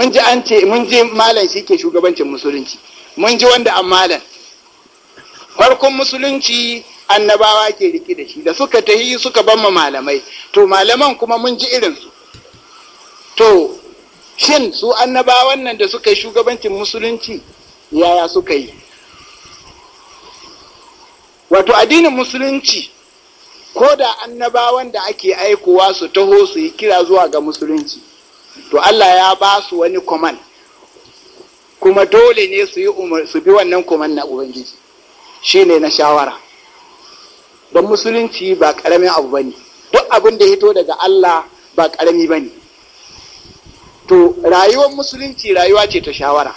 mun ji an ce mun ji malam shi ke shugabancin musulunci mun ji wanda an malam farkon musulunci annabawa ke riki da shi da suka yi suka bamma malamai to malaman kuma mun ji irinsu to shin su annabawan nan da suka yi shugabancin musulunci yaya suka yi wato addinin musulunci ko da annabawan da ake aikowa su taho su yi kira zuwa ga musulunci to Allah ya ba su wani kuman kuma dole ne su yi umar su bi wannan kuman na ubangiji shine na shawara don musulunci ba karamin abu bane duk abin da hito daga Allah ba karami bane to rayuwar musulunci rayuwa ce ta shawara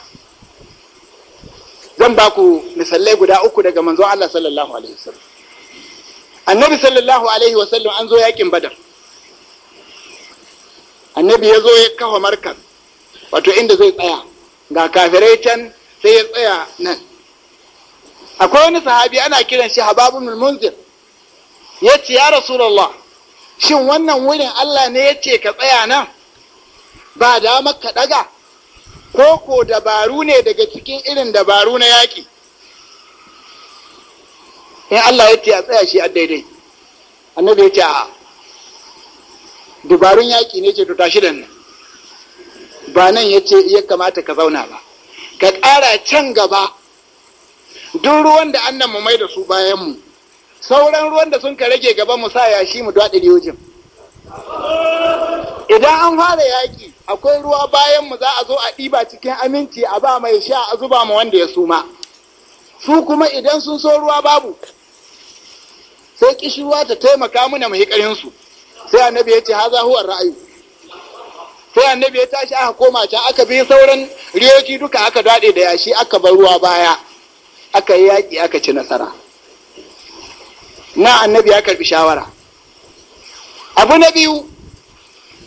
zan ba ku misalai guda uku daga manzon Allah sallallahu alaihi wasallam annabi sallallahu alaihi wasallam an zo yakin badar annabi ya zo ya kawo markas wato inda zai tsaya ga kafirai can sai ya tsaya nan akwai wani sahabi ana kiran shi Hababu mulmunzir ya ce ya rasulallah shin wannan wurin allah ne ya ce ka tsaya nan ba damar ka daga. ko ko dabaru ne daga cikin irin dabaru na yaƙi in allah ya ce a tsaya shi a daidai annabi ya ce a dubarun yaƙi ne ce to tashi da nan ba nan ya ce ya kamata ka zauna ba ka ƙara can gaba duk ruwan da annan mu mai da su bayan mu sauran ruwan da sun ka rage gaba mu sa yashi mu daɗe yojin idan an fara yaƙi akwai ruwa bayan mu za a zo a ɗiba cikin aminci a ba mai sha a zuba ma wanda ya suma su kuma idan sun so ruwa babu sai ƙishiwa ta taimaka mana mu su sai annabi ya ce haza huwa ra'ayi. sai annabi ya tashi aka koma can aka bi sauran riyoki duka aka daɗe da yashi aka bar ruwa baya aka yi yaƙi aka ci nasara na annabi ya karbi shawara abu na biyu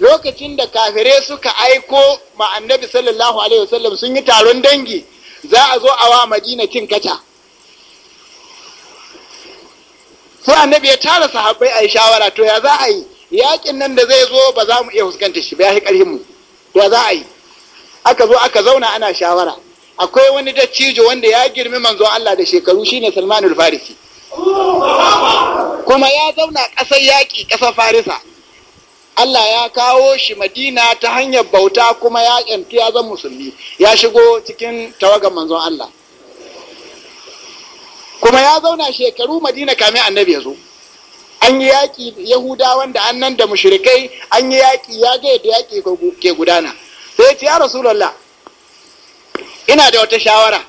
lokacin da kafire suka aiko ma annabi sallallahu alaihi wasallam sun yi taron dangi za a zo a wa madina cin kaca sai annabi ya tara sahabbai a yi shawara to ya za a yi yakin nan da zai zo ba za mu iya fuskantar shi ba ya karhin mu to za a yi aka zo aka zauna ana shawara akwai wani dattijo wanda ya girmi manzon Allah da shekaru shine Salman al-Farisi kuma ya zauna ƙasar yaƙi ƙasar Farisa Allah ya kawo shi Madina ta hanyar bauta kuma ya yanti ya zama musulmi ya shigo cikin tawagar manzon Allah kuma ya zauna shekaru Madina kamin annabi ya zo an yi yaƙi yahudawan da annan da mushrikai an yi yaƙi ya ga yadda yaƙi ke gudana sai ce ya rasulallah ina da wata shawara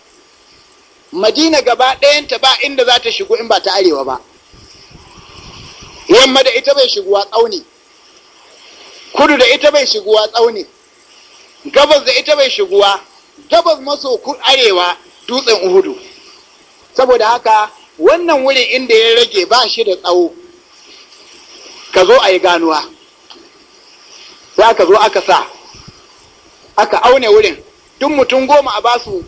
madina gaba ɗayanta ba inda za ta shigo in ba ta arewa ba yamma da ita bai shiguwa tsauni kudu da ita bai shiguwa tsauni gabas da ita bai shiguwa gabas maso arewa dutsen uhudu saboda haka wannan wurin inda ya rage ba shi da tsawo ka zo a yi ganuwa za ka zo aka sa aka aune wurin duk mutum goma a basu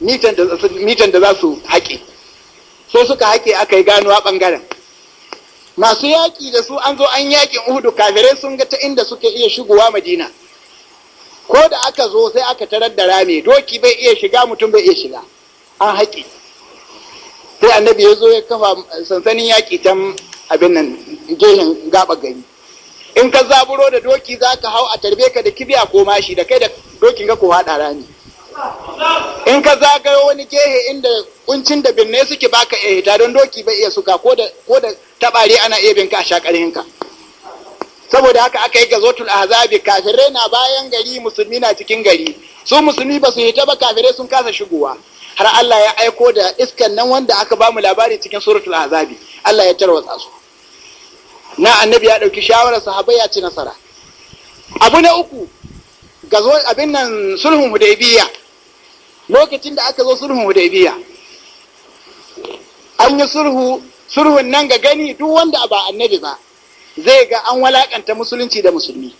mitan da za su haƙe sai suka haƙe aka yi ganuwa ɓangaren masu yaƙi da su an zo an yaƙin uhudu kafirai sun ga ta inda suke iya shigowa madina ko da aka zo sai aka tarar da rame doki bai iya shiga mutum bai iya shiga an haƙi sai annabi ya zo ya kafa sansanin yaƙi can abin nan gehen gaba gari in ka zaburo da doki za ka hau a tarbe ka da kibiya ko mashi da kai da dokin ga kowa da rani in ka zagayo wani gehe inda kuncin da binne suke baka iya hita don doki bai iya suka ko da ko ana iya binka a shakarin ka saboda haka aka yi gazotul ahzabi kafirai na bayan gari musulmi na cikin gari su musulmi ba su hita ba kafirai sun kasa shigowa har Allah ya aiko da iskan nan wanda aka bamu labari cikin suratul azabi? Allah ya tarwatsa su na annabi ya ɗauki shawarar sahabai ya ci nasara abu na uku ga zo abin nan sulhun hudaybiya lokacin da aka zo sulhun hudaybiya an yi sulhu sulhun nan ga gani duk wanda ba annabi ba zai ga an walakanta musulunci da musulmi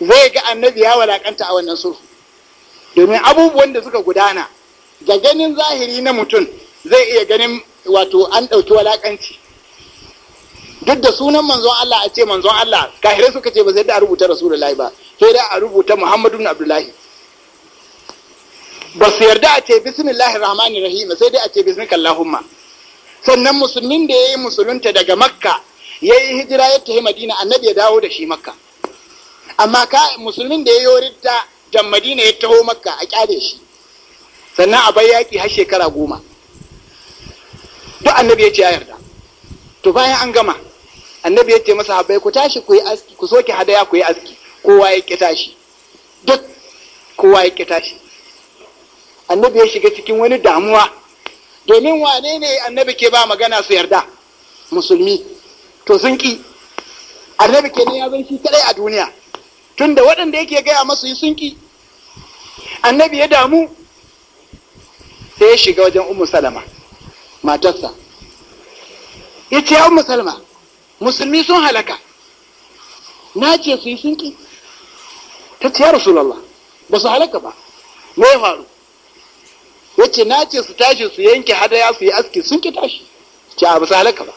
zai ga annabi ya walakanta a wannan sulhu domin abubuwan da suka gudana ga ganin zahiri na mutum zai iya ganin wato an ɗauki walakanci duk da sunan manzon Allah a ce manzon Allah kahirai suka ce ba zai da rubuta rasulullahi ba sai da a rubuta muhammadu bin abdullahi ba su yarda a ce bismillahi rahmani rahim sai dai a ce bismika allahumma sannan musulmin da ya musulunta daga makka yayi hijira ya tafi madina annabi ya dawo da shi makka amma ka musulmin da ya yi ridda jan madina ya taho makka a kyale shi sannan a bai yaki har shekara goma duk annabi ya ce ya yarda to bayan an gama annabi yace masa habai ku tashi ku yi aski ku soke hadaya ku yi aski kowa ya ki tashi duk kowa ya ki tashi annabi ya shiga cikin wani damuwa domin wane ne annabi ke ba magana su yarda musulmi to sun ki annabi kenan ya zan shi kadai a duniya tunda waɗanda yake gaya masu yi sun ki annabi ya damu sai ya shiga wajen umu salama matarsa ya ce ya ummu salama musulmi sun halaka na ce su yi sunki ta ce ya rasulallah ba su halaka ba me ya faru ya ce na ce su tashi su yanke hadaya su yi aski sun ki tashi ce a bisa halaka ba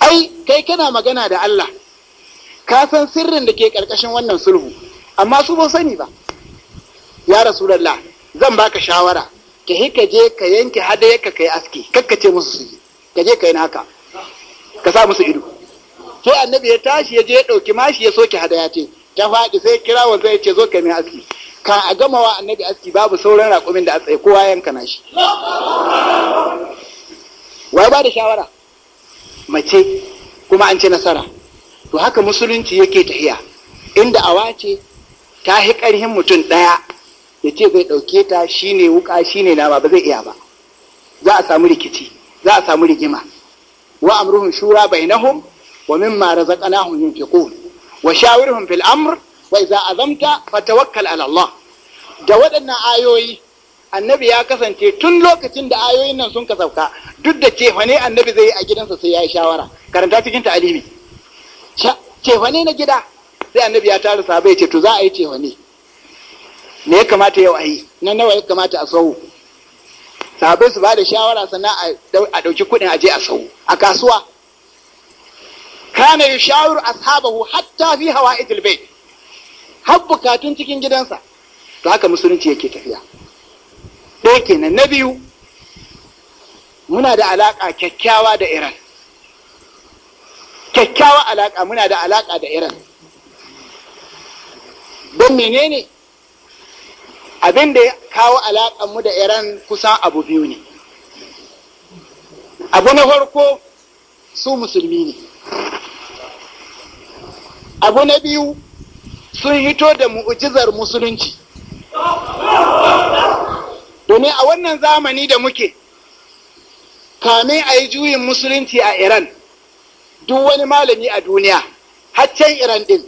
ai kai kana magana da Allah ka san sirrin da ke karkashin wannan sulhu amma su ba sani ba ya rasulallah zan baka shawara ka je ka yanke hadaya ka kai aski kakkace musu su yi ka je ka yi haka ka sa musu ido To annabi ya tashi ya je ya ɗauki mashi ya soke hadaya ce ta faɗi sai kira wa ya ce zo ka mai aski ka a gama wa annabi aski babu sauran raƙumin da a tsaye kowa yanka na shi wai ba da shawara mace kuma an ci nasara to haka musulunci yake tahiya inda awa ce ta hi ƙarfin mutum ɗaya ya ce zai ɗauke ta shine wuka shine nama ba zai iya ba za a samu rikici za a samu rigima wa amruhum shura bainahum wa mimma razaqnahum yunfiqun wa shawirhum fil amr wa idza azamta fatawakkal ala Allah da waɗannan ayoyi annabi ya kasance tun lokacin da ayoyin nan sun ka duk da cefane annabi zai yi a gidansa sai ya yi shawara karanta cikin ta'alimi cefane na gida sai annabi ya tara sabai ce to za a yi cefane me ya kamata yau a yi na nawa ya kamata a sau Sabai su ba da shawara sannan a ɗauki kuɗin aje a sau a kasuwa kana yushawiru ashabahu hatta fi hawa bait har bukatun cikin gidansa to haka musulunci yake tafiya ɗaya kenan na biyu muna da alaƙa kyakkyawa da iran kyakkyawa alaƙa muna da alaƙa da iran don menene abin da ya kawo mu da iran kusan abu biyu ne abu na farko su musulmi ne abu na biyu sun hito da mu'ujizar musulunci domin a wannan zamani da muke kame a yi juyin musulunci a iran duk wani malami a duniya haccen iran ɗin,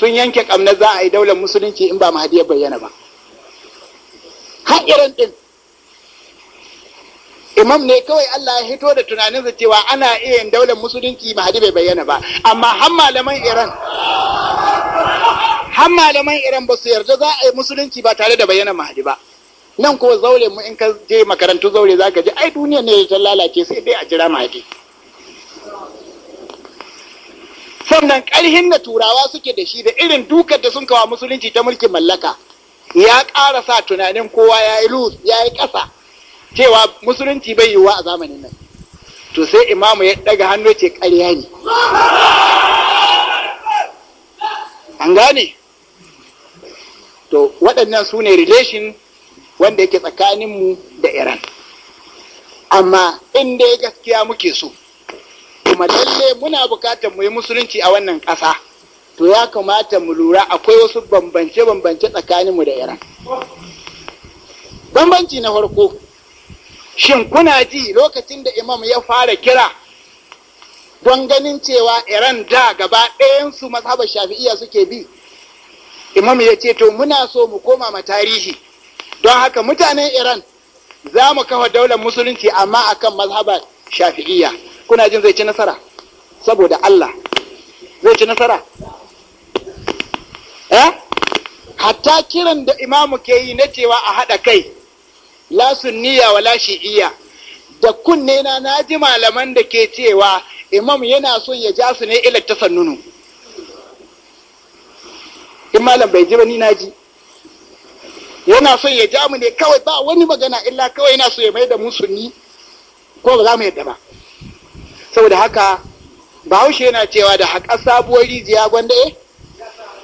sun yanke kamna za a yi daular musulunci in ba mahadiyar ya bayyana ba har irin din imam ne kawai Allah ya hito da tunaninsa cewa ana iya yin daular musulunci mahadi bai bayyana ba amma har malaman iran har malaman iran ba su yarda za a yi musulunci ba tare da bayyana mahadi ba nan ko zaure mu in ka je makarantu zaure za ka ji ai duniya ne ta lalace sai dai a jira mahadi sannan ƙarhin da turawa suke da shi da irin dukar da sun kawa musulunci ta mulkin mallaka ya ƙara sa tunanin kowa ya yi lus ya yi ƙasa cewa musulunci bai yiwuwa a zamanin nan to sai imamu ya ɗaga hannu ce ƙarya ne an gane to waɗannan su ne relation wanda yake tsakaninmu da iran amma in dai gaskiya muke so kuma lalle muna bukatar mu yi musulunci a wannan ƙasa to ya kamata mu lura akwai wasu bambance-bambance tsakanin mu da iran bambanci na farko shin kuna ji lokacin da imam ya fara kira don ganin cewa iran da gaba ɗayansu mazhabar shafi'iya suke bi imam ya ce to muna so mu koma ma tarihi don haka mutanen iran za mu kafa daular musulunci amma akan mazhabar shafi'iya kuna jin zai ci nasara saboda allah zai ci nasara eh hatta kiran da imamu ke yi na cewa a haɗa kai la sunniya wa la shi'iya da kunne na naji malaman da ke cewa imam yana son ya ja su ne ila tasannunu in malam bai ji ba ni naji yana son ya ja mu ne kawai ba wani magana illa kawai yana so ya mai da mu sunni ko ba za mu yadda ba saboda haka bahaushe yana cewa da haƙa sabuwar rijiya gwanda eh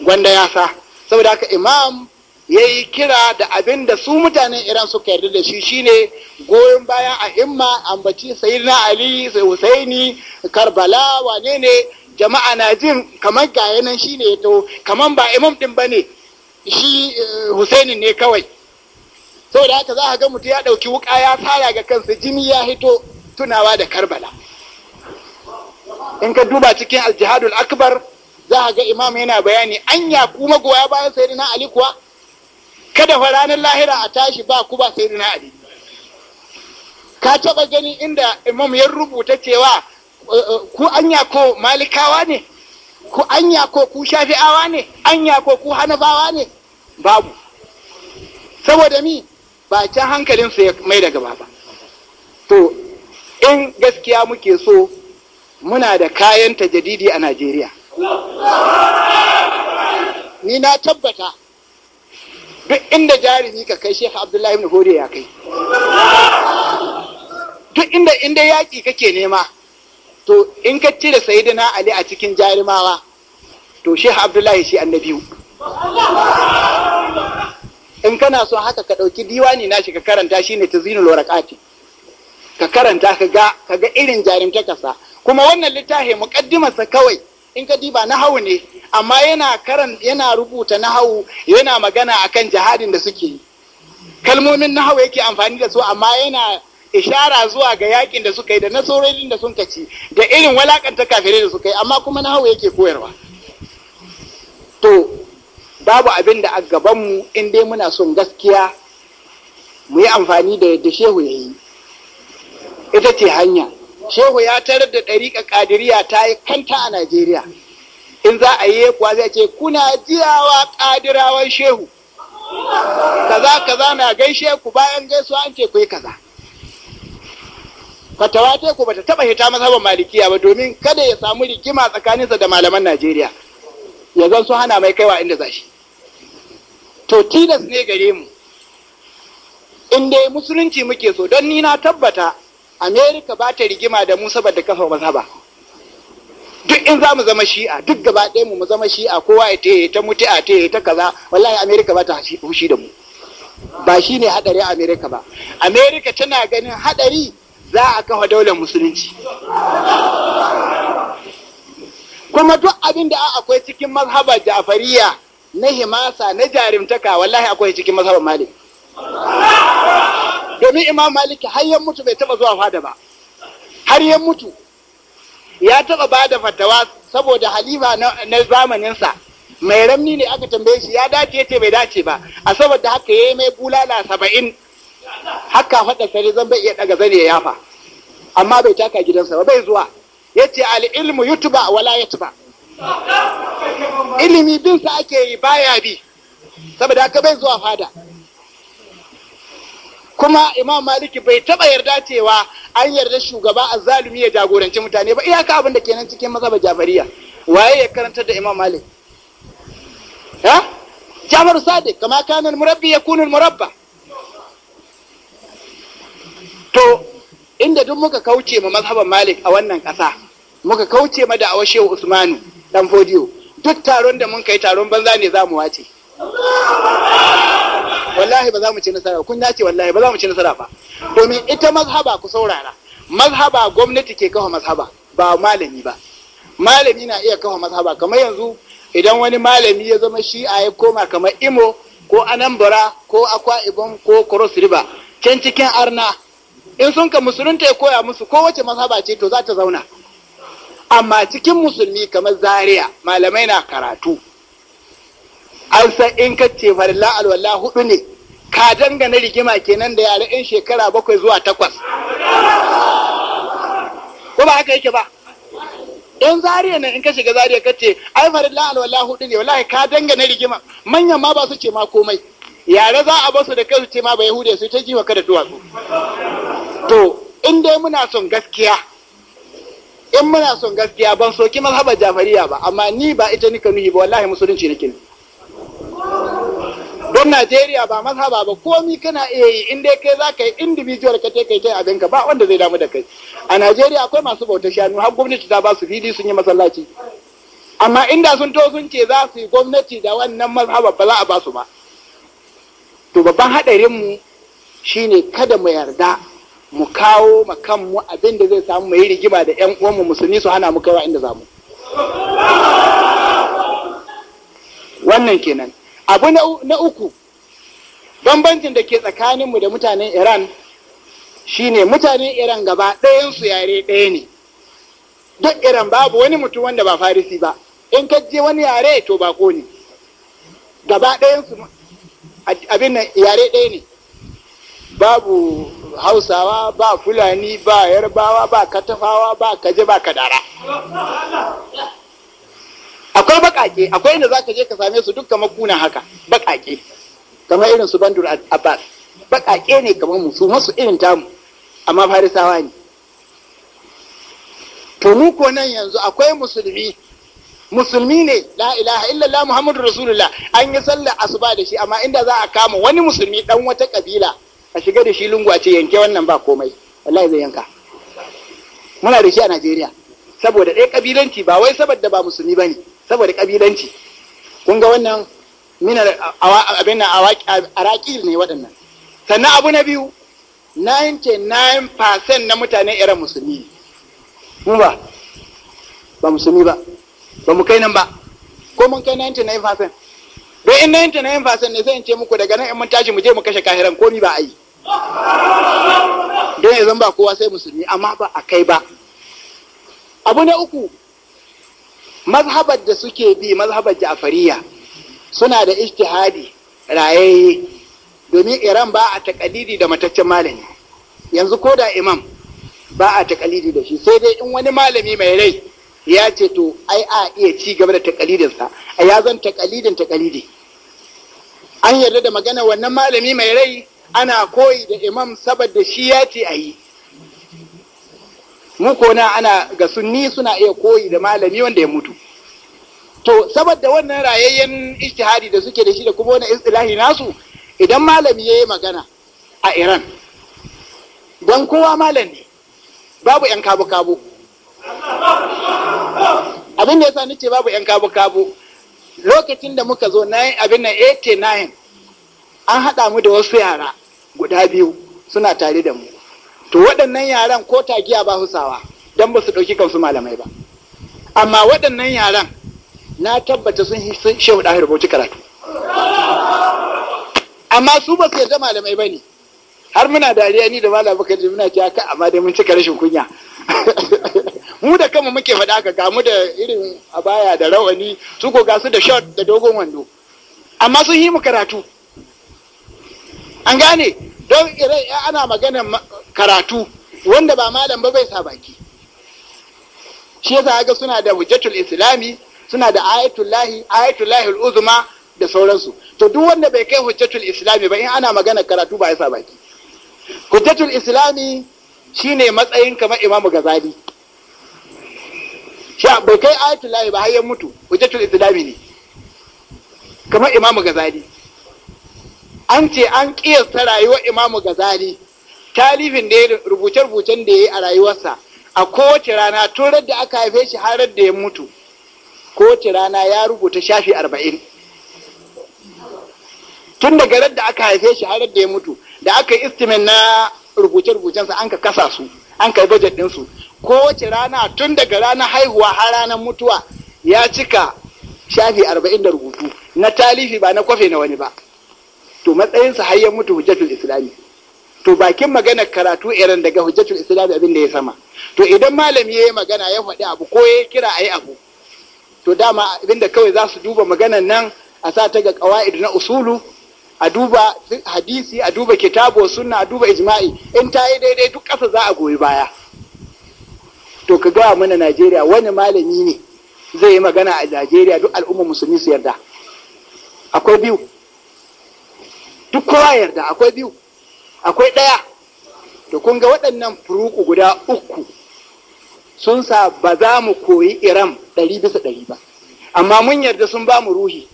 gwanda ya sa saboda haka imam ya yi kira da abin da su mutanen iran suka yarda da shi shine goyon bayan a himma ambaci sayyidina ali sai husaini karbala wane ne jama'a na jin kamar gaya nan ne ya to kamar ba imam din ne, shi eh, husaini ne kawai saboda haka za a ga mutum ya ɗauki wuka ya fara ga kansa jini ya hito tunawa da karbala in ka duba cikin aljihadul akbar za a ga imam yana bayani anya ku magoya bayan sayyidina ali kuwa kada fa ranar lahira a tashi ba ku ba sayyidina ali ka taba gani inda imam ya rubuta cewa ku anya ko malikawa ne ku anya ko ku shafi'awa ne anya ko ku hanafawa ne babu saboda mi ba can su ya mai da gaba ba to in gaskiya muke so muna da kayan tajadidi a najeriya ni na tabbata duk inda jarumi ka kai shekha abdullahi ibn hore ya kai duk inda inda yaƙi kake nema to in ka cire sayidina ali a cikin jarumawa to shekha abdullahi shi annabiyu in kana son haka ka ɗauki diwani na shi ka karanta shi ne ta zinul warakati ka karanta ka ga irin jarumtakarsa kuma wannan littafi muƙaddimarsa kawai in ka diba nahawu ne amma yana karan yana rubuta nahawu yana magana akan jihadin da suke yi kalmomin nahawu yake amfani da su amma yana ishara zuwa ga yakin da suka yi da nasarorin da sun kaci da irin walakanta kafirai da suka yi amma kuma nahawu yake koyarwa to babu abin da a mu in dai muna son gaskiya mu yi amfani da yadda shehu ya yi ita ce hanya shehu ya tarar da ɗariƙa ƙadiriya ta yi kanta a najeriya in za a yi kuwa zai ce kuna jiyawa ƙadirawan shehu kaza kaza na gaishe ku bayan gaisuwa an ce ku yi kaza fatawa ta ku bata taba hita mazhaban malikiya ba domin kada ya samu rigima tsakaninsa da malaman najeriya ya zan su hana mai kaiwa inda za shi to tilas ne gare mu in dai musulunci muke so don ni na tabbata amerika ba ta rigima da mu saboda kafa mazhaba duk in za mu zama shi'a duk gaba ɗaya mu zama shi'a kowa ya ta ta mutu a ta ta kaza wallahi amerika ba ta hushi da mu ba shi ne a amerika ba amerika tana ganin haɗari za a kafa daular musulunci kuma duk abin da akwai cikin mazhabar ja'fariya na himasa na jarimtaka wallahi akwai cikin mazhaban malik domin imam maliki har yan mutu bai taba zuwa fada ba har yan mutu ya taba ba da fatawa saboda Halima na zamaninsa mai ramni ne aka tambaye shi ya dace ce bai dace ba a saboda haka ya yi mai bulala saba'in haka faɗa sare zan bai iya ɗaga zane ya yafa amma bai taka gidansa ba bai zuwa ya ce al'ilmu yutuba wala tuba. ilimi bin sa ake yi baya bi saboda haka bai zuwa fada kuma imam maliki bai taba yarda cewa an yarda shugaba azzalumi ya jagoranci mutane ba iyaka abin da kenan cikin mazhabar jabariya waye ya karantar da imam malik ha jabar sadi kama kana murabbi yakunu murabba to inda duk muka kauce ma mazhabar malik a wannan kasa muka kauce ma da awashe usmanu dan fodiyo duk taron da mun kai taron banza ne za mu wace wallahi ba za mu ci nasara kun dace wallahi ba za mu ci nasara ba domin ita mazhaba ku saurara mazhaba gwamnati ke kafa mazhaba ba malami ba malami na iya kafa mazhaba kamar yanzu idan wani malami ya zama shi'a ya koma kamar imo ko anambra ko akwa ibom ko cross river can cikin arna in sun ka musulunta ya koya musu kowace mazhaba ce to za ta zauna amma cikin musulmi kamar zaria malamai na karatu an san in ka ce farilla alwala hudu ne ka dangana rigima kenan da yare in shekara bakwai zuwa takwas ko ba haka yake ba in zariya nan in ka shiga zariya ka ce ai farilla alwala hudu ne wallahi ka dangana rigima manyan ma ba su ce ma komai yare za a basu da kai su ce ma bai hude su ta jiwa kada duwatsu to in dai muna son gaskiya in muna son gaskiya ban soki mazhabar jafariya ba amma ni ba ita nika nuhi ba wallahi musulunci nake ne don Najeriya ba mazhaba ba komi kana iya yi in dai kai za ka yi individual ka kai kai abin ka ba wanda zai damu da kai a Najeriya akwai masu bauta shanu har gwamnati ta ba su fili sun yi masallaci amma inda sun to sun ce za su yi gwamnati da wannan mazhaba ba za a ba su ba to babban hadarin mu shine kada mu yarda mu kawo ma kanmu abin da zai samu mu yi rigima da ƴan uwanmu musulmi su hana mu kaiwa inda zamu wannan kenan abu na uku bambancin da ke tsakaninmu da mutanen iran shine mutanen iran gaba ɗayansu yare ɗaya ne duk iran babu wani mutum wanda ba farisi ba in ka wani yare to ko ne gaba ɗayansu abin nan yare ɗaya ne babu hausawa ba fulani ba yarbawa ba katafawa ba kaje ba kadara akwai bakake akwai inda za ka je ka same su duk kamar kuna haka bakake kamar irin su bandur abbas bakake ne kamar musu su masu irin tamu amma farisawa ne to mu ko nan yanzu akwai musulmi musulmi ne la ilaha illallah muhammadu rasulullah an yi sallar asuba da shi amma inda za a kama wani musulmi dan wata kabila a shiga da shi lungu a ce yanke wannan ba komai wallahi zai yanka muna da shi a najeriya saboda ɗaya kabilanci ba wai saboda ba musulmi ba ne saboda kabilanci kun ga wannan minar abin nan araƙil ne waɗannan sannan abu na biyu 99% na mutane irin musulmi mu ba ba musulmi ba ba mu kai nan ba ko mun kai 99% bai in 99% ne sai in ce muku daga nan in mun tashi mu je mu kashe kahiran komi ba a yi don ya ba kowa sai musulmi amma ba a kai ba abu na uku mazhabar da suke bi mazhabar ja'fariya suna da ijtihadi rayayye domin iran ba a takalidi da mataccen malami yanzu ko da imam ba a takalidi da shi sai dai in wani malami mai rai ya ce to ai a iya ci gaba da takalidinsa a ya zan takalidin takalidi an yarda da magana wannan malami mai rai ana koyi da imam saboda shi ya ce a yi mu ko ana ga sunni suna iya koyi da malami wanda ya mutu to saboda wannan rayayyen ijtihadi da suke da shi da kuma wani istilahi nasu idan malami yayi magana a Iran don kowa malam ne babu yan kabu kabu abin da yasa nace babu yan kabu kabu lokacin da muka zo na abin nan 89 an haɗa mu da wasu yara guda biyu suna tare da mu to waɗannan yaran ko tagiya ba husawa don ba su ɗauki kansu malamai ba amma waɗannan yaran na tabbata sun shehu ɗahir bauchi karatu amma su ba su yarda malamai ba ne har muna dariya ni da malam baka ji muna ka amma dai mun cika rashin kunya mu da kama muke faɗa haka ga mu da irin abaya da rawani su ko gasu da shot da dogon wando amma sun yi mu karatu an gane don ana magana karatu wanda ba malam ba bai sa baki shi yasa ga suna da hujjatul islami suna da ayatul lahi ayatul lahi uzma da sauransu to duk wanda bai kai hujjatul islami ba in ana magana karatu ba ya sa baki hujjatul islami shine matsayin kamar imamu gazali shi bai kai ayatul lahi ba har ya mutu hujjatul islami ne kamar imamu gazali an ce an kiyasta rayuwar imamu gazali talifin da ya rubuce-rubucen da ya yi a rayuwarsa a kowace rana tun da aka haife shi har da ya mutu kowace rana ya rubuta shafi arba'in tun daga da aka haife shi har da ya mutu da aka yi istimin na rubuce-rubucensa an ka kasa su an ka yi bajet ɗinsu kowace rana tun daga ranar haihuwa har ranar mutuwa ya cika shafi arba'in da rubutu na talifi ba na kwafe na wani ba to matsayinsa har ya mutu hujjatul islami to bakin magana karatu irin daga hujjatul islam abin da ya sama to idan malami ya yi magana ya faɗi abu ko ya kira a yi abu to dama abin da kawai za su duba maganan nan a sa ta ga qawaid na usulu a duba hadisi a duba kitabo sunna a duba ijma'i in ta yi daidai duk ƙasa za a goyi baya to ka gawa mana najeriya wani malami ne zai yi magana a najeriya duk al'umma musulmi su yarda akwai biyu duk kowa yarda akwai biyu akwai ɗaya to kun ga waɗannan furuku guda uku sun sa ba za mu koyi iram ɗari bisa ɗari ba amma mun yarda sun ba mu ruhi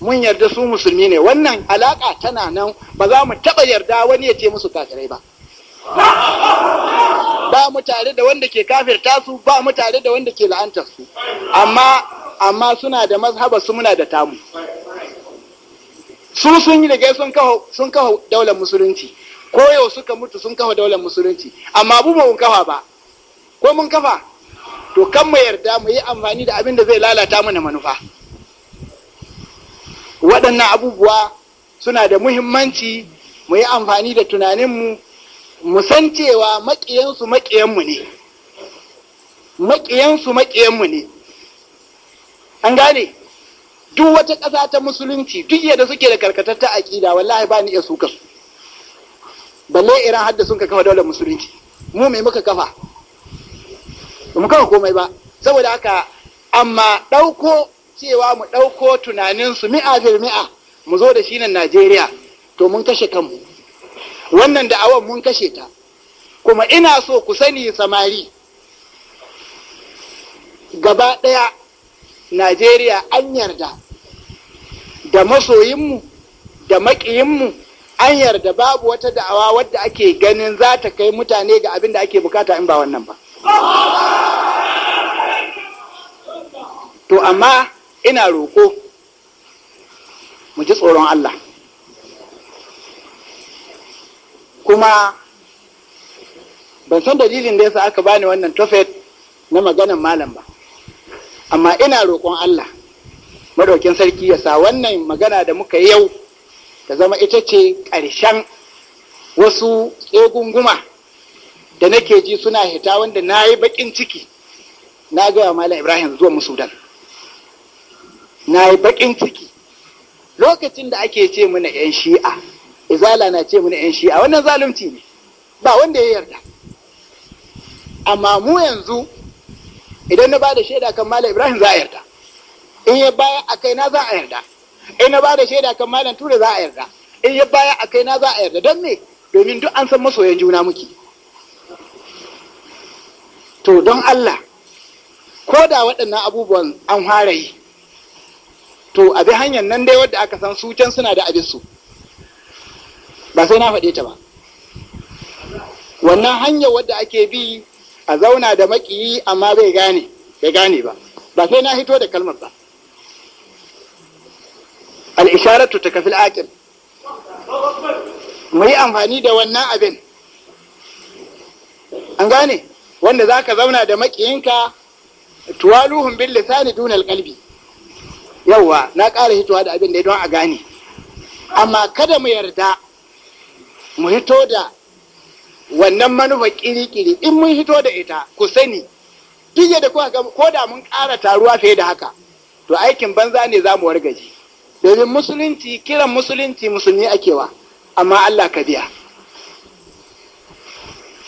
mun yarda su musulmi ne wannan alaƙa tana nan ba za mu taɓa yarda wani ya ce musu kafirai ba ba mu tare da wanda ke kafirta su ba mu tare da wanda ke la'anta su amma amma suna da mazhaba su muna da tamu su sun yi da sun kawo daular musulunci koyo suka mutu sun kafa daular musulunci amma mu mun kafa ba ko mun kafa to kan mu yarda mu yi amfani da abin da zai lalata mana manufa waɗannan abubuwa suna da muhimmanci mu yi amfani da tunaninmu mu san cewa maƙiyansu maƙiyanmu ne maƙiyansu maƙiyanmu ne an gane duk wata ƙasa ta musulunci duk yadda suke da karkatar ta aƙida wallahi ba ni iya suka su balle iran hadda sun ka kafa daular musulunci mu mai muka kafa ba mu kafa komai ba saboda haka amma ɗauko cewa mu ɗauko tunaninsu mi'a fil mi'a mu zo da shi nan najeriya to mun kashe kanmu wannan da awon mun kashe ta kuma ina so ku sani samari gaba ɗaya najeriya an yarda da masoyinmu da maƙiyinmu an yarda babu wata da'awa wadda ake ganin za ta kai mutane ga abin da ake bukata in ba wannan ba to amma ina roƙo mu ji tsoron Allah kuma ban san dalilin da yasa aka bani wannan tofet na maganan malam ba amma ina roƙon Allah madaukin sarki ya sa wannan magana da muka yau ta zama ita ce ƙarshen wasu tsegunguma da nake ji suna hita wanda na yi baƙin ciki na gaba mala ibrahim zuwa musudan na yi baƙin ciki lokacin da ake ce mana 'yan shi'a izala na ce mana 'yan shi'a wannan zalunci ne ba wanda ya yarda amma mu yanzu idan na ba da shaida kan mala ibrahim za a yarda in ya baya a kai na za a yarda in eh, na ba da shaida kan malam tura za a yarda in ya baya a kai na za a yarda don me domin duk an san masoyan juna muke to don Allah ko da waɗannan abubuwan an fara yi to bi hanyar nan dai wadda aka san su can suna da abin su ba sai na faɗe ta ba wannan hanyar wadda ake bi a zauna da maƙiyi amma bai gane bai gane ba ba sai na hito da kalmar ba al'isharatu ta kafin aƙin. mu yi amfani da wannan abin an gane wanda za ka zauna da maƙiyinka tuwaluhun bin lisani dunal kalbi yauwa na ƙara hitowa da abin da don a gane amma kada mu yarda mu hito da wannan manufa kiri-kiri in mun hito da ita ku sani duk da ko da mun ƙara taruwa fiye da haka to aikin banza ne za mu wargaje domin musulunci kiran musulunci musulmi akewa amma Allah ka biya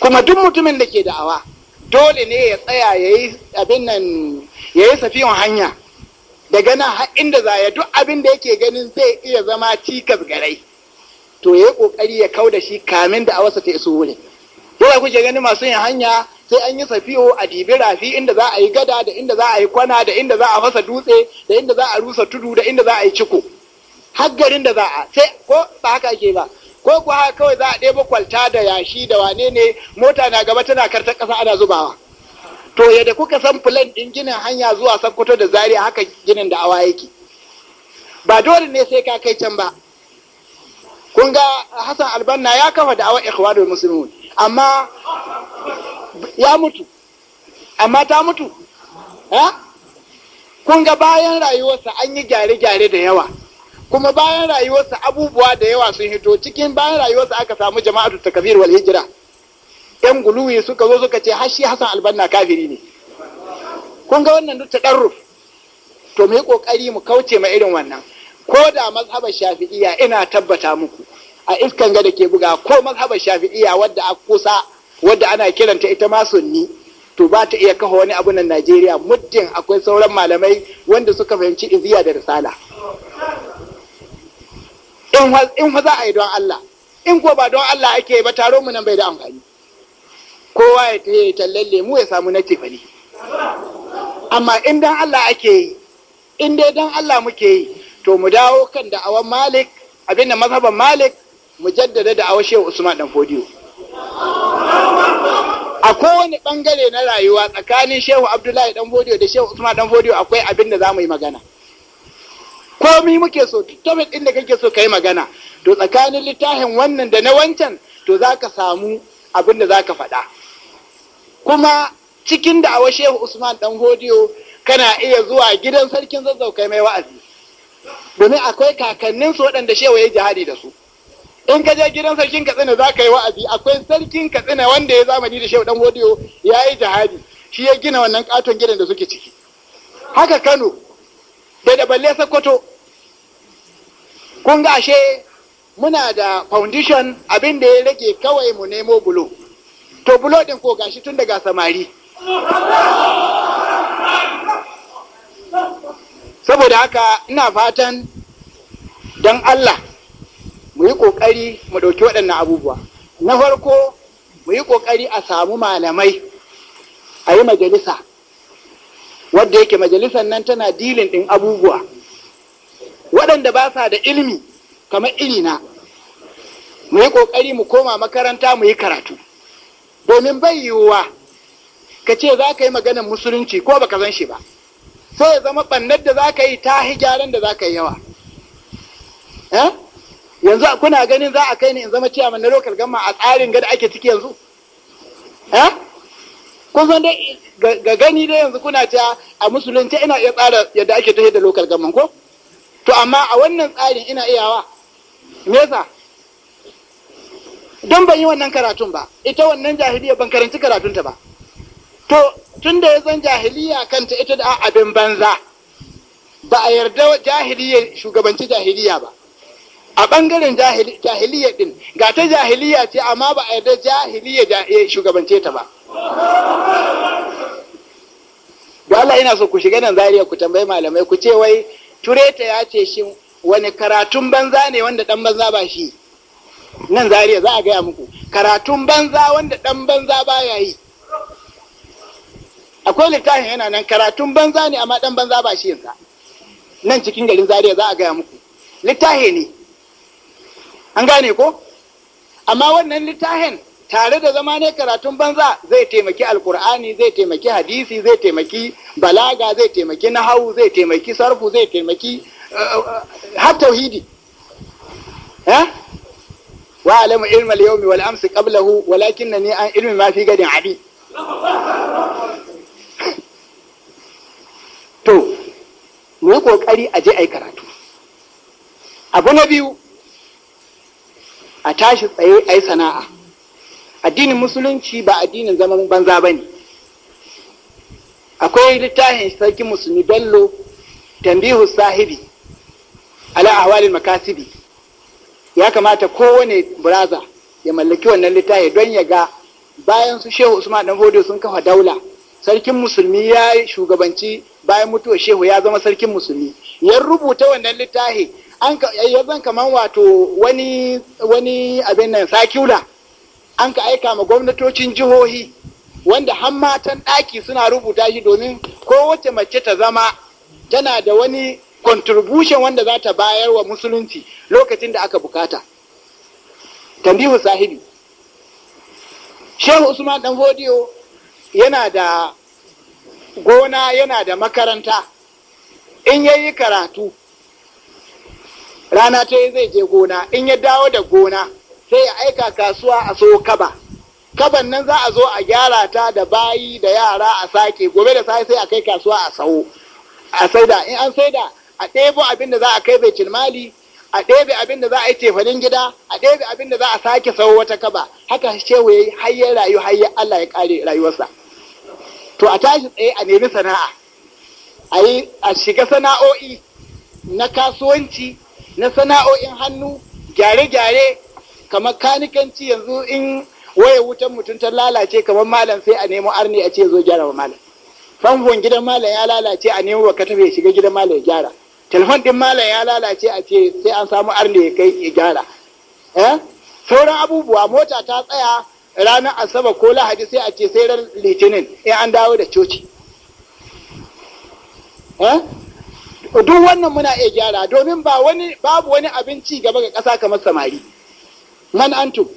kuma duk mutumin da ke da'awa dole ne ya tsaya ya yi abin nan ya yi safiyan hanya daga nan har inda za ya duk abin da yake ganin zai iya zama cikas garai to ya yi ƙoƙari ya kau da shi kamin da ta iso wurin dole kuke ganin masu yin hanya sai an yi safiyo a dibi rafi inda za a yi gada da inda za a yi kwana da inda za a fasa dutse da inda za a rusa tudu da inda za a yi ciko har garin da za a sai ko ba haka ake ba ko kuwa kawai za a ɗebo kwalta da yashi da wane ne mota na gaba tana karta ƙasa ana zubawa to yadda kuka san filan ɗin ginin hanya zuwa sakkwato da zaria haka ginin da awa yake ba dole ne sai ka kai can ba kun ga hassan albanna ya kafa da awa ikhwanul muslimun amma ya mutu amma ta mutu kun ga bayan rayuwarsa an yi gyare-gyare da yawa kuma bayan rayuwarsa abubuwa da yawa sun hito cikin bayan rayuwarsa aka samu jama'atu takabir wal hijira yan guluwi suka zo suka ce hashi hasan albanna kafiri ne kun ga wannan duk ta to mu yi kokari mu kauce ma irin wannan ko da mazhabar shafi'iyya ina tabbata muku a iskan ga da ke buga ko mazhabar shafi'iyya wadda a kusa wadda ana kiranta ita ma sunni to ba ta iya kafa wani abu na Najeriya muddin akwai sauran malamai wanda suka fahimci iziya da risala in fa za a yi don Allah in ko ba don Allah ake ba taro mu nan bai da amfani kowa ya ta yi tallan lemu ya samu na tefani amma in dan Allah ake yi in dai dan Allah muke yi to mu dawo kan da'awan Malik abinda mazhaban Malik mu jaddada da'awar Shehu Usman dan Fodiyo a kowane bangare na rayuwa tsakanin shehu abdullahi dan fodiyo da shehu usman dan fodiyo akwai abin da za mu yi magana komi muke so me din da kake so ka magana to tsakanin littafin wannan da na wancan to za ka samu abin da za ka faɗa kuma cikin da awa shehu usman dan hodiyo kana iya zuwa gidan sarkin zazzau kai mai wa'azi domin akwai kakanninsu waɗanda shehu ya jihadi da su in ka je gidan sarkin katsina za ka yi wa'azi akwai sarkin katsina wanda ya zamani da shehu dan wodiyo ya yi jihadi shi ya gina wannan katon gidan da suke ciki haka kano da da balle sokoto kun ga ashe muna da foundation abin da ya rage kawai mu nemo bulo to bulo din ko gashi tun daga samari saboda haka ina fatan don allah mu yi ƙoƙari mu ɗauki waɗannan abubuwa na farko mu yi ƙoƙari a samu malamai a yi majalisa wadda yake majalisar nan tana dilin ɗin abubuwa waɗanda ba sa da ilimi kamar irina mu yi ƙoƙari mu koma makaranta mu yi karatu domin bai yiwuwa ka ce za ka yi maganar musulunci ko baka zan shi ba sai ya zama ɓannar da za ka yi ta gyaran da za ka yi yawa eh? yanzu kuna ganin za a kai ni in zama ciyaman na local gamma a tsarin gada ake ciki yanzu eh kun san dai ga gani dai yanzu kuna ta a musulunci ina iya tsara yadda ake tafi da local gamman ko to amma a wannan tsarin ina iyawa me yasa don ban yi wannan karatun ba ita wannan jahiliya ban karanci karatunta ba to tun da ya zan jahiliya kanta ita da abin banza ba a yarda jahiliya shugabanci jahiliya ba a ɓangaren jahiliya ɗin ga ta jahiliya ce amma ba a yarda jahiliya shugabance ta ba wala ina so ku shiga nan zariya ku tambayi malamai ku ce wai tureta ya ce shi wani karatun banza ne wanda ɗan banza ba shi nan zariya za a gaya muku karatun banza wanda ɗan banza ba ya yi akwai littafin yana nan karatun banza ne amma ɗan banza ba shi yanka, nan cikin garin zariya za a gaya muku littafi ne an gane ko amma wannan littafin tare da zama ne karatun banza zai taimaki alkur'ani zai taimaki hadisi zai taimaki balaga zai taimaki nahawu zai taimaki sarfu zai taimaki uh, uh, uh, har tauhidi wa alamu ilma al-yawmi wal amsi qablahu ni an ilmi ma fi gadin abi to mu yi kokari a je ai karatu abu na biyu a tashi tsaye a yi sana'a addinin musulunci ba addinin zaman banza ba ne akwai littafin sarki musulmi bello tambihu sahibi ala ahwalil makasibi ya kamata kowane buraza ya mallaki wannan littafi don ya ga bayan su shehu usman dan hodo sun kafa daula sarkin musulmi ya shugabanci bayan mutuwar shehu ya zama sarkin musulmi ya rubuta wannan littafi an eh, ya zan kaman wato wani wani abin nan sakula an ka aika ma gwamnatocin jihohi wanda har matan ɗaki suna rubuta shi domin kowace mace ta zama tana da wani contribution wanda za ta bayar wa musulunci lokacin da aka bukata tambihu sahibi shehu usman dan hodiyo yana da gona yana da makaranta in yayi karatu rana ta yi zai je gona in ya dawo da gona sai ya aika kasuwa a so kaba kaban nan za a zo a gyara ta da bayi da yara a sake gobe da sai a kai kasuwa a sau a saida in an saida a ɗebo abin da za a kai bai mali a ɗebe abin da za a yi tefanin gida a ɗebe abin da za a sake sayo wata kaba haka shehu yayi har ya rayu Allah ya kare rayuwarsa to a tashi tsaye a nemi sana'a a a shiga sana'o'i na kasuwanci na sana'o'in hannu gyare-gyare kamar kanikanci yanzu in waya wutan mutum ta lalace kamar malam sai a nemo arni a ce zo gyara wa malam famfon gidan malam ya lalace a nemo wa katafe shiga gidan malam ya gyara telefon din malam ya lalace a ce sai an samu arni ya kai ya gyara eh? sauran abubuwa mota ta tsaya ranar asabar ko lahadi sai a ce sai ran litinin in an dawo da coci eh? duk wannan muna iya gyara domin ba wani babu wani abin gaba ga ƙasa kamar samari man antum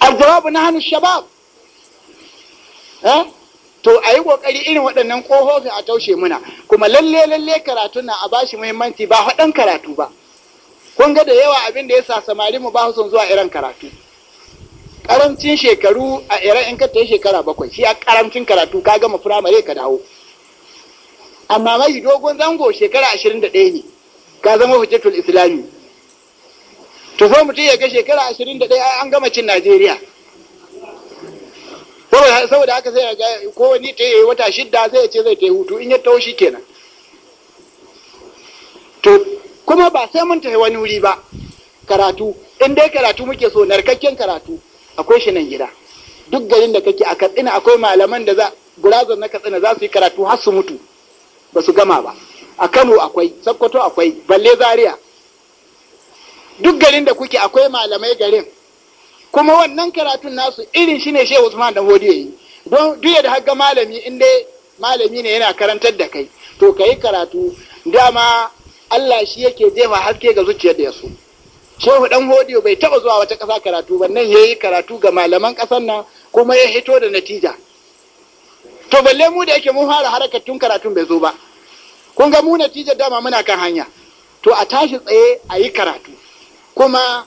aljawabu na hannu shabab eh? to a yi ƙoƙari irin waɗannan ƙohofin a taushe muna kuma lalle lalle karatu na a bashi muhimmanci ba haɗan karatu ba kun ga da yawa abin da ya sa samari mu ba su zuwa irin karatu karancin shekaru a irin in ka ta shekara bakwai shi a karancin karatu ka gama firamare ka dawo amma mai dogon zango shekara ashirin ne ka zama hujjatul islami to so mutum ya ga shekara ashirin an gama cin najeriya saboda haka sai ga kowani ta yi wata shidda sai ya ce zai ta hutu in ya taho kenan to kuma ba sai mun tafi wani wuri ba karatu in dai karatu muke so narkakken karatu akwai shi nan gida duk garin da kake a katsina akwai malaman da za gurazon na katsina za su yi karatu har su mutu ba su gama ba a kano akwai sakkwato akwai balle zaria duk garin da kuke akwai malamai garin kuma wannan karatun nasu irin shine shehu usman da hodiyo yi don duya da haga malami in dai malami ne yana karantar da kai to kai karatu dama Allah shi yake jefa haske ga zuciyar da ya so shehu dan hodiyo bai taɓa zuwa wata ƙasa karatu ba nan ya yi karatu ga malaman ƙasan nan kuma ya hito da natija to balle mu da yake mun fara harakar tun karatun bai zo ba kun ga mu natijar dama muna kan hanya to a tashi tsaye a yi karatu kuma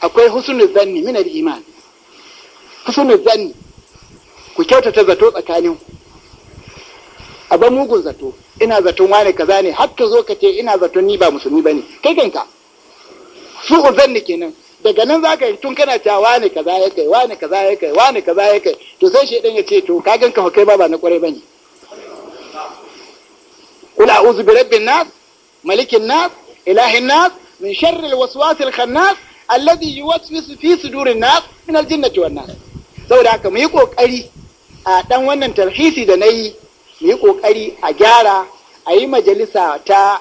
akwai husnul zanni min iman husnul zanni ku kyautata zato tsakanin a ba mugun zato ina zaton wani kaza ne har ka zo ka ce ina zaton ni ba musulmi bane kai kanka su zanni kenan daga nan za ka yi tun kana cewa wani kaza ya kai wani kaza ya kai wani kaza ya kai to sai shi ya ce to ka ganka kai ba ba na kwarai bane قل أعوذ برب الناس ملك الناس إله الناس من شر الوسواس الخناس alladhi yuwaswisu fi sudurin nas min aljinnati wan nas saboda haka mu yi ƙoƙari a ɗan wannan talhisi da nayi mu yi ƙoƙari a gyara a yi majalisa ta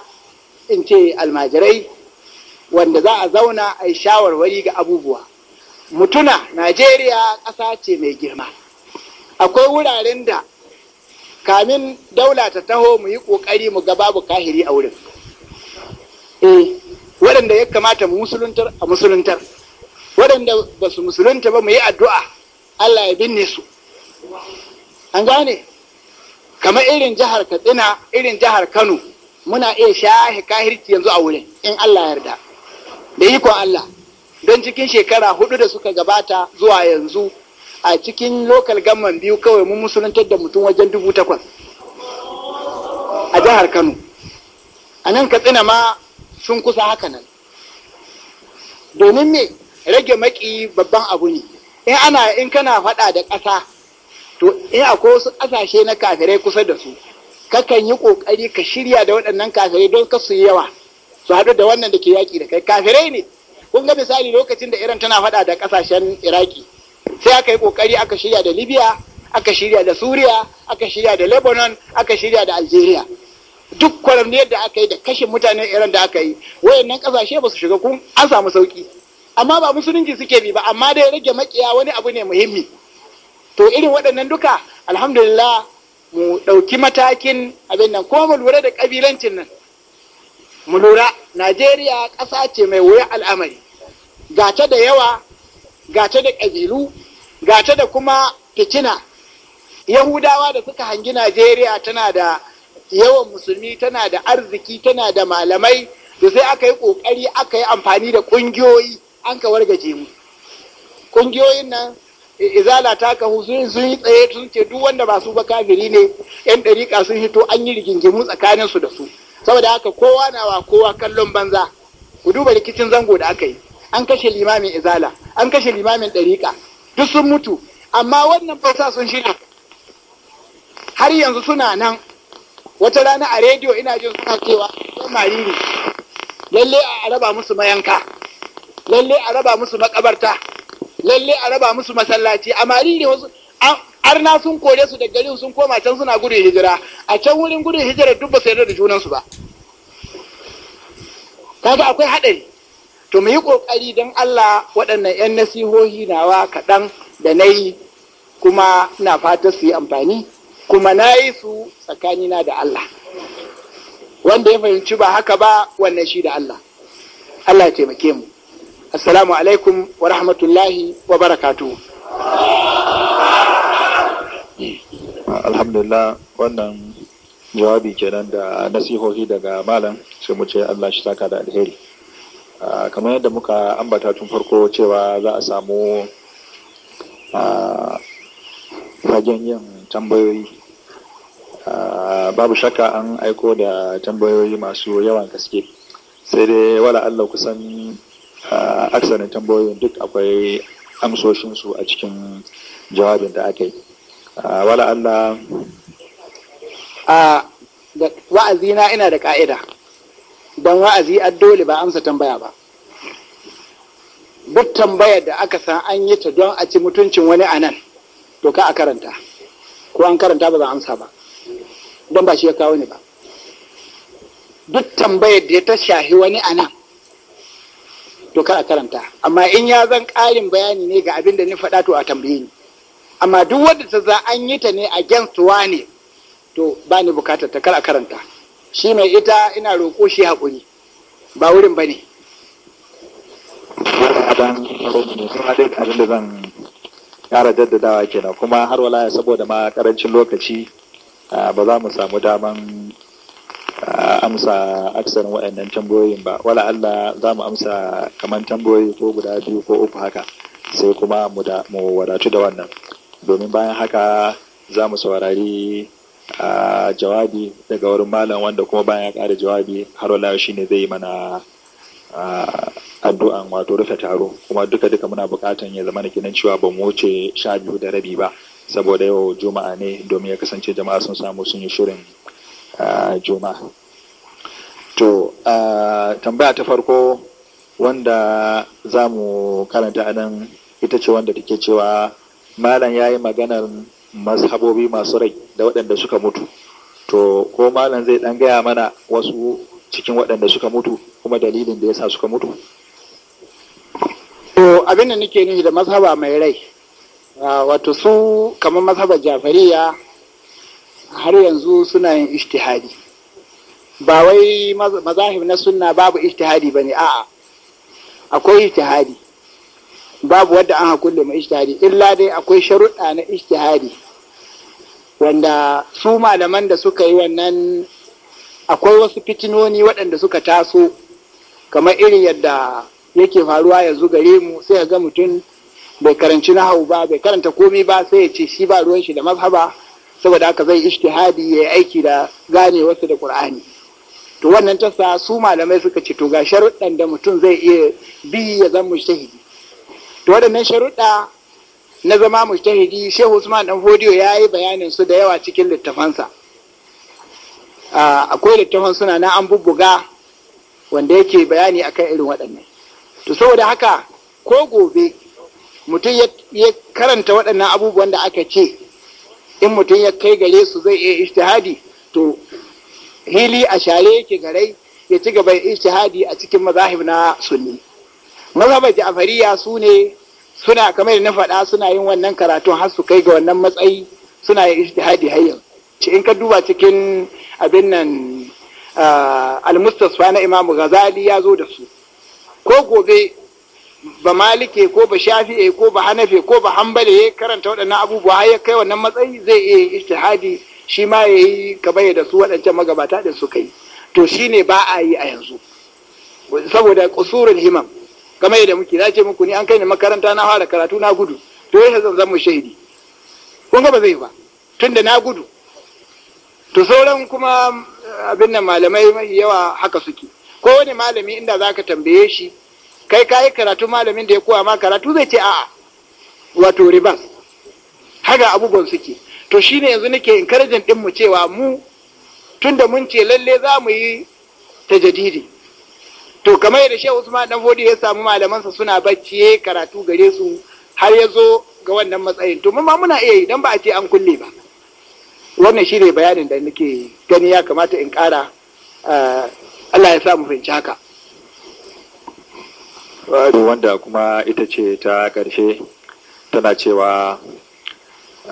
in ce almajirai wanda za a zauna a yi shawarwari ga abubuwa mutuna najeriya ƙasa ce mai girma akwai wuraren da kamin daula ta taho mu yi ƙoƙari mu ga babu kahiri a wurin eh waɗanda ya kamata mu musuluntar a musuluntar waɗanda ba su musulunta ba mu yi addu'a Allah ya binne su an gane kamar irin jihar Katsina irin jihar Kano muna iya shahi kahirci yanzu a wurin in Allah ya yarda da ikon Allah don cikin shekara hudu da suka gabata zuwa yanzu a cikin lokal gamman biyu kawai mun musuluntar da mutum wajen dubu takwas a jihar kano a nan katsina ma sun kusa haka nan domin me rage maki babban abu ne in ana in kana faɗa da ƙasa to in akwai wasu ƙasashe na kafirai kusa da su kakan yi ƙoƙari ka shirya da waɗannan kafirai don kasu yi yawa su haɗu da wannan da ke yaƙi da kai kafirai ne kun ga misali lokacin da iran tana faɗa da ƙasashen iraki sai aka yi kokari aka shirya da libya aka shirya da suriya aka shirya da lebanon aka shirya da algeria duk kwaramniyar da aka yi da kashe mutane iran da aka yi wayannan kasashe ba su shiga kun an samu sauki amma ba musulunci suke bi ba amma dai rage makiya wani abu ne muhimmi to irin waɗannan duka alhamdulillah mu ɗauki matakin abin nan kuma mu lura da ƙabilancin nan mu lura najeriya ƙasa ce mai wuya al'amari gata da yawa gata da ƙabilu gata da kuma fitina yahudawa da suka hangi najeriya tana da yawan musulmi tana da arziki tana da malamai da sai aka yi ƙoƙari aka yi amfani da ƙungiyoyi an ka wargaje mu ƙungiyoyin nan izala ta ka sun yi tsaye sun ce duk wanda ba su ba kafiri ne yan ɗariƙa sun hito an yi rigingimu tsakanin su da su saboda haka kowa na wa kowa kallon banza ku duba rikicin zango da aka yi an kashe limamin izala an kashe limamin ɗariƙa duk sun mutu amma wannan fasa sun shirya har yanzu suna nan wata rana a rediyo ina jin suna cewa don mariri lalle a raba musu mayanka lalle a raba musu makabarta lalle a raba musu masallaci a mariri wasu arna sun kore su da garin sun koma can suna gudun hijira a can wurin gudun hijira duk ba su yarda da junansu ba kaga akwai haɗari to mu yi ƙoƙari don Allah waɗannan 'yan nasihohi nawa kaɗan da na yi kuma na fata su yi amfani kuma na yi su tsakanina da Allah wanda ya fahimci ba haka ba wannan shi da Allah Allah ya taimake mu assalamu alaikum wa rahmatullahi wa barakatu alhamdulillah wannan jawabi kenan da nasihohi daga malam sai mu ce Allah shi saka da alheri Ah, kamar yadda muka ambata tun farko cewa za a samu ah, fagen yin tambayoyi ah, babu shakka an aiko da tambayoyi masu yawan gaske sai dai wala allah kusan aksarin tambayoyin duk akwai amsoshinsu a cikin jawabin da aka yi wala allah a wa'azina ina da ka'ida don wa'azi a dole ba amsa tambaya ba duk tambayar da aka san an yi ta don a ci mutuncin wani a nan to ka a karanta ko an karanta ba za amsa ba don ba shi ya kawo ni ba duk tambayar da ta shahi wani a nan to ka a karanta amma in ya zan ƙarin bayani ne ga abin da ni faɗa to a tambaye ni amma duk wadda ta za an yi ta ne a gensuwa ne to ba ni bukatar ta kar a karanta shi mai ita ina roƙo shi haƙuri ba wurin ba ne abin da zan ƙara jaddadawa kenan kuma har wala saboda ma ƙarancin lokaci ba za mu samu daman amsa aksarin waɗannan tambayoyin ba wala Allah za mu amsa kamar tambayoyi ko guda biyu ko uku haka sai kuma mu wadatu da wannan domin bayan haka za mu saurari jawabi daga wurin malam wanda kuma bayan ya kara jawabi har wala ne zai yi mana addu'an wato rufe taro kuma duka duka muna bukatan ya zama gidan cewa ba mu wuce sha biyu da rabi ba saboda yau juma'a ne domin ya kasance jama'a sun samu sun yi shirin juma'a to tambaya ta farko wanda za mu karanta anan ita ce wanda take cewa malam ya yi maganar mazhabobi masu rai da waɗanda suka mutu to ko malam zai ɗan gaya mana wasu cikin waɗanda suka mutu kuma dalilin da ya sa suka mutu to abin da nake nufi da mazhaba mai rai wato su kamar mazhabar jafariya har yanzu suna yin ishtihadi ba wai mazahib na sunna babu ba ne? a'a akwai ishtihadi babu wadda an hakulle mai ishtihadi illa dai akwai sharuɗa na ishtihadi wanda su malaman da suka yi wannan akwai wasu fitinoni waɗanda suka taso kamar irin yadda yake faruwa yanzu gare mu sai ga mutum bai karanci na hau ba bai karanta komai ba sai ya ce shi ba ruwan shi da mazhaba saboda haka zai ijtihadi ya yi aiki da gane wasu da ƙur'ani. to wannan ta su malamai suka ce to ga sharuɗan da mutum zai iya bi ya zan mujtahidi to waɗannan sharuɗa na zama mujtahidi shehu usman dan fodiyo ya yi bayanin su da yawa cikin littafansa akwai littafan suna na an bubbuga wanda yake bayani akan irin waɗannan to saboda haka ko gobe mutum ya karanta waɗannan abubuwan da aka ce in mutum ya kai gare su zai iya ishtihadi to hili a share yake garai ya ci gaba ishtihadi a cikin mazahib na sunni mazhabar ja'fariya su ne suna kamar na faɗa suna yin wannan karatun har su kai ga wannan matsayi suna yin ijtihadi hayyan ci in ka duba cikin abin nan ah, almustasfa na imamu ghazali ya zo da su ko gobe ba malike ko ba shafi'e ko ba hanafe ko ba hambale ya karanta waɗannan abubuwa ya kai wannan matsayi zai iya ijtihadi shi ma ya yi kamar da su waɗancan magabata da su kai to shine ba a yi a yanzu saboda kusurul himam kamar yadda muke na ce muku ni an kai ni makaranta na fara karatu na gudu to yadda zan mu shaidi kun ga ba zai ba tunda na gudu to sauran kuma eh, abin nan malamai mai yawa haka suke ko wani malami inda za ka tambaye shi kai ka yi karatu malamin da ya kowa ma karatu zai ce a'a wato ribas haka abubuwan suke to shine yanzu nake encouraging din mu cewa mu tunda mun ce lalle za mu yi ta tajadidi to kamar yadda shehu usman dan fodi ya samu malamansa suna bacci karatu gare su har ya zo ga wannan matsayin to ma muna iya yi dan ba a ce an kulle ba wannan shine bayanin da nake gani ya kamata in kara eh, Allah ya sa mu fahimci haka wanda kuma ita ce ta ƙarshe tana cewa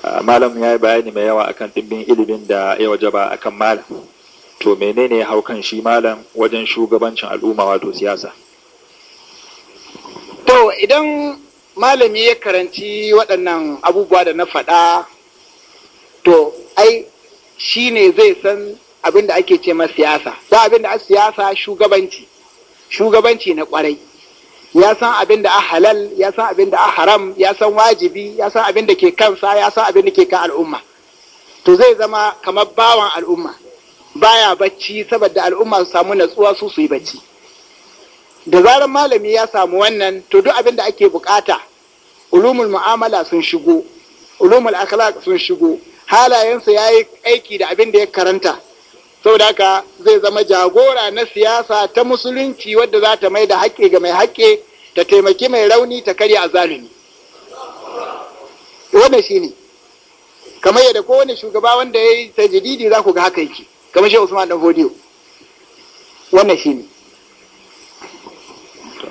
eh, malam ya bayani mai yawa akan ɗimbin ilimin da ya waje ba akan malam to menene ya hau kan shi malam wajen shugabancin al'umma wato siyasa to idan malami ya karanci waɗannan abubuwa da na faɗa to ai shi ne zai san abin da ake ce ma siyasa da abin da siyasa shugabanci shugabanci na kwarai ya san abin da a halal ya san abin da a haram ya san wajibi ya san abin da ke kansa ya san abin da ke kan al'umma to zai zama kamar bawan al'umma baya bacci saboda al'umma su samu natsuwa su su yi bacci da zarar malami ya samu wannan to duk abin da ake bukata ulumul mu'amala sun shigo ulumul akhlaq sun shigo halayensa ya yi aiki da abin da ya karanta saboda haka zai zama jagora na siyasa ta musulunci wadda za ta mai da haƙƙi ga mai haƙƙi ta taimaki mai rauni ta karya a zalimi wannan shine kamar yadda kowane shugaba wanda ya yi ta jididi za ku ga haka yake kamar shi usman dan fodiyo wannan shi ne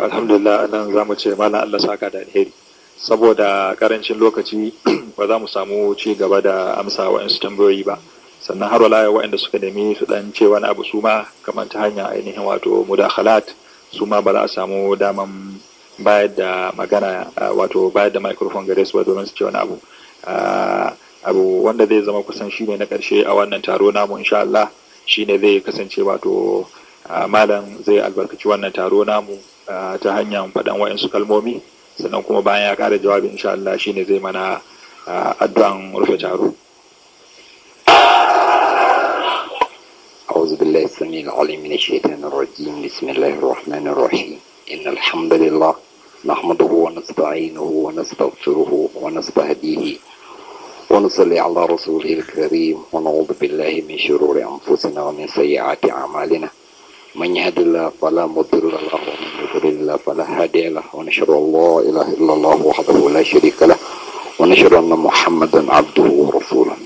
alhamdulillah nan za ce malam allah saka da alheri saboda karancin lokaci ba za mu samu ci gaba da amsa su tambayoyi ba sannan har wala waɗanda suka nemi su dan ce wani abu su ma kamar ta hanya ainihin wato mudakhalat su ma ba za a samu daman bayar da magana wato bayar da microphone gare su ba domin su ce wani abu abu wanda zai zama kusan shi ne na karshe a wannan taro namu insha Allah shine zai kasance wato malam zai albarkaci wannan taro namu ta hanyar faɗan wa'insu kalmomi sannan kuma bayan ya ƙara jawabi insha Allah shine zai mana addu'an rufe taro أعوذ بالله السميع العليم من الشيطان الرجيم بسم الله الرحمن الرحيم إن الحمد لله نحمده ونستعينه ونستغفره ونستهديه ونصلي على رسوله الكريم ونعوذ بالله من شرور أنفسنا ومن سيئات أعمالنا من يهد الله فلا مضل له ومن يضلل الله فلا هادي له ونشهد أن لا إله إلا الله وحده لا شريك له ونشهد أن محمدا عبده ورسوله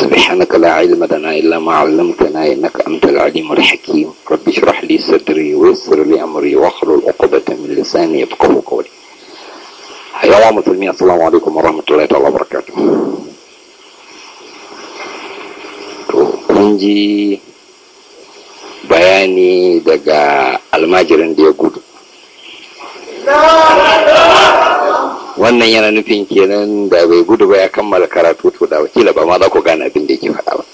سبحانك لا علم لنا إلا ما علمتنا إنك أنت العليم الحكيم رب اشرح لي صدري ويسر لي أمري واحلل عقدة من لساني يفقه قولي yawa musulmi assalamu alaikum warahmatullahi wabarakatuh. barakatuh to kunji bayani daga almajirin da ya gudu wannan yana nufin kenan da bai gudu ba ya kammala karatu to da wakila ba ma za ku gane abin da yake faɗa ba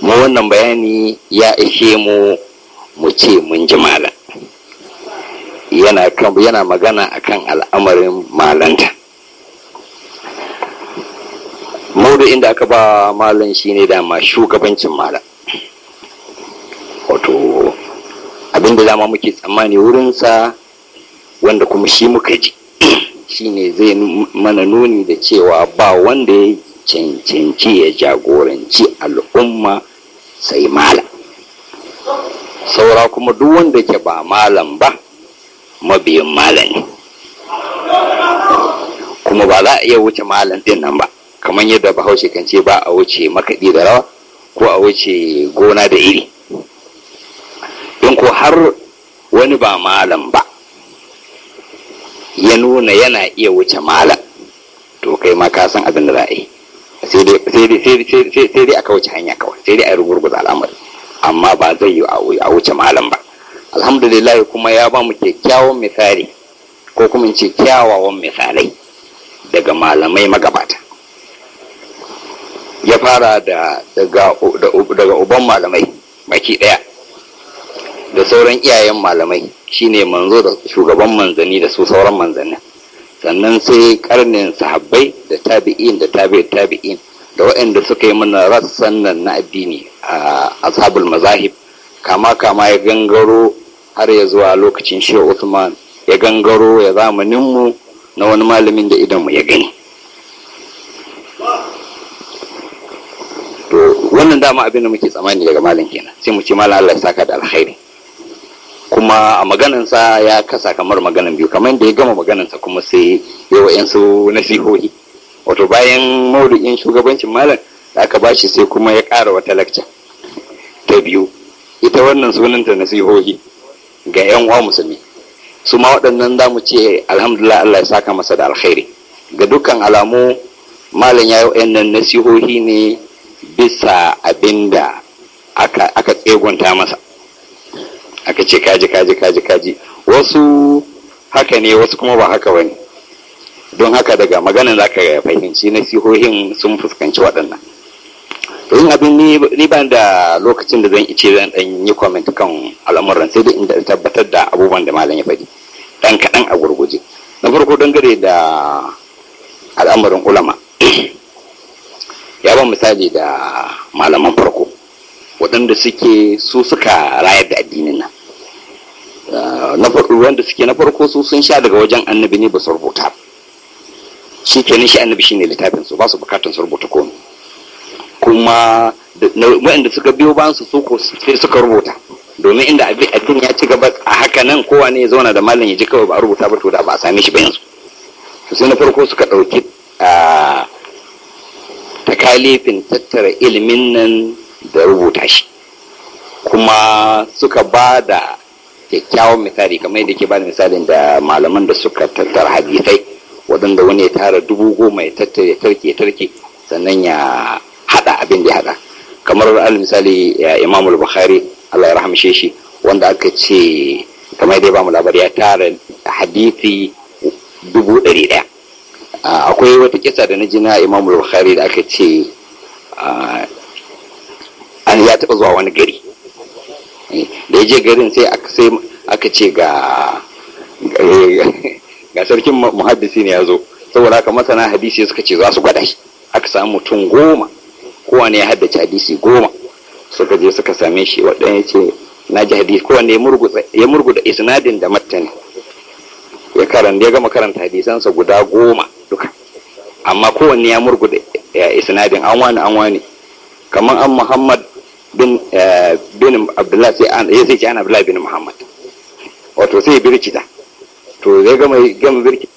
mu wannan bayani ya ishe mu mu ce mun ji malam yana kan yana magana akan al'amarin malanta maudu'in inda aka ba malam shine dama shugabancin malam wato abinda dama muke tsammani wurinsa wanda kuma shi muka ji shine zai mana nuni da cewa ba wanda ya cancanci ya jagoranci al'umma sai malam saura kuma duk wanda ke ba malam ba mabiyin malam kuma ba za a iya wuce malam din nan ba kamar yadda bahaushe kan ce ba a wuce makaɗi da rawa ko a wuce gona da iri in ko har wani ba malam ba ya nuna yana iya wuce malam to kai ma ka san abin da za a yi sai dai aka wuce hanya kawai sai dai a yi rugurguza al'amari amma ba zai yi a wuce malam ba alhamdulillah kuma ya ba mu kyakkyawan misali ko kuma ce kyawawan misalai daga malamai magabata ya fara da daga uban malamai baki daya da sauran iyayen malamai shine manzo da shugaban manzani da su sauran manzanni sannan sai karnin sahabbai da tabi'in da tabi'in tabi'in da waɗanda suka yi mana rassan nan na addini a ashabul mazahib kama kama ya gangaro har ya zuwa lokacin shi Uthman ya gangaro ya zamaninmu na wani malamin da idanmu ya gani to wannan dama abin da muke tsammani daga malam kenan sai mu ce malam Allah ya saka da alkhairi kuma a maganansa ya kasa kamar maganan biyu kamar da ya gama maganansa kuma sai ya wa'yansu nasihohi wato bayan maudu'in shugabancin malam da aka bashi sai kuma ya ƙara wata lakca ta biyu ita wannan sunanta nasihohi ga yan uwa musulmi su ma waɗannan za mu ce alhamdulillah Allah ya saka masa da alkhairi ga dukkan alamu malam ya yi nan nasihohi ne bisa abinda aka aka tsegunta masa aka ce kaji kaji kaji kaji wasu haka ne wasu kuma ba haka bane don haka daga maganin zaka fahimci nasihohin sun fuskanci waɗannan To yin abin ni ba da lokacin da zan ice zan dan yi comment kan al'amuran sai dai inda tabbatar da abubuwan da malam ya faɗi dan kaɗan a gurguje na farko dangare da al'amarin ulama ya ba misali da malaman farko waɗanda suke su suka rayar da addinin nan ah, na farko wanda suke na farko su sun sha daga wajen annabi ne ba su rubuta shi kenan shi annabi shine littafin su ba su bukatun su rubuta komai kuma waɗanda suka biyo ba su suko sai suka rubuta domin inda abin ya ci gaba a haka nan kowa ne ya zauna da malam ya ji kawai ba a rubuta ba to da ba a same shi ba yanzu sai na farko suka ɗauki takalifin tattara ilimin nan da rubuta shi kuma suka ba da kyakkyawan misali kamar yadda ke ba da misalin da malaman da suka tattara hadisai waɗanda wani ya tara dubu goma ya tattara ya tarke tarke sannan ya hada abin da ya hada kamar al misali imamu al-bukhari Allah ya rahamshe shi wanda aka ce kamar dai ba mu labari ya tara hadisi dubu ɗari ɗaya akwai wata kisa da na jina na imam al-bukhari da aka ce an ya taɓa zuwa wani gari eh, da ya je garin sai aka ce ga ga sarkin muhaddisi ne ya zo saboda haka masana hadisi suka ce za su gwada shi aka samu mutum goma kowane ya haddace hadisi goma suka je suka same shi waɗanda ya ce na ji hadisi kowane ya da isnadin da martani ya karanta ya gama karanta hadisansa guda goma duka amma kowanne ya murgu da isnadin an wani an wani kamar an muhammad bin eh, bin sai ya eh, sai ce an abdullahi bin muhammad wato sai birkita to zai gama gama birkita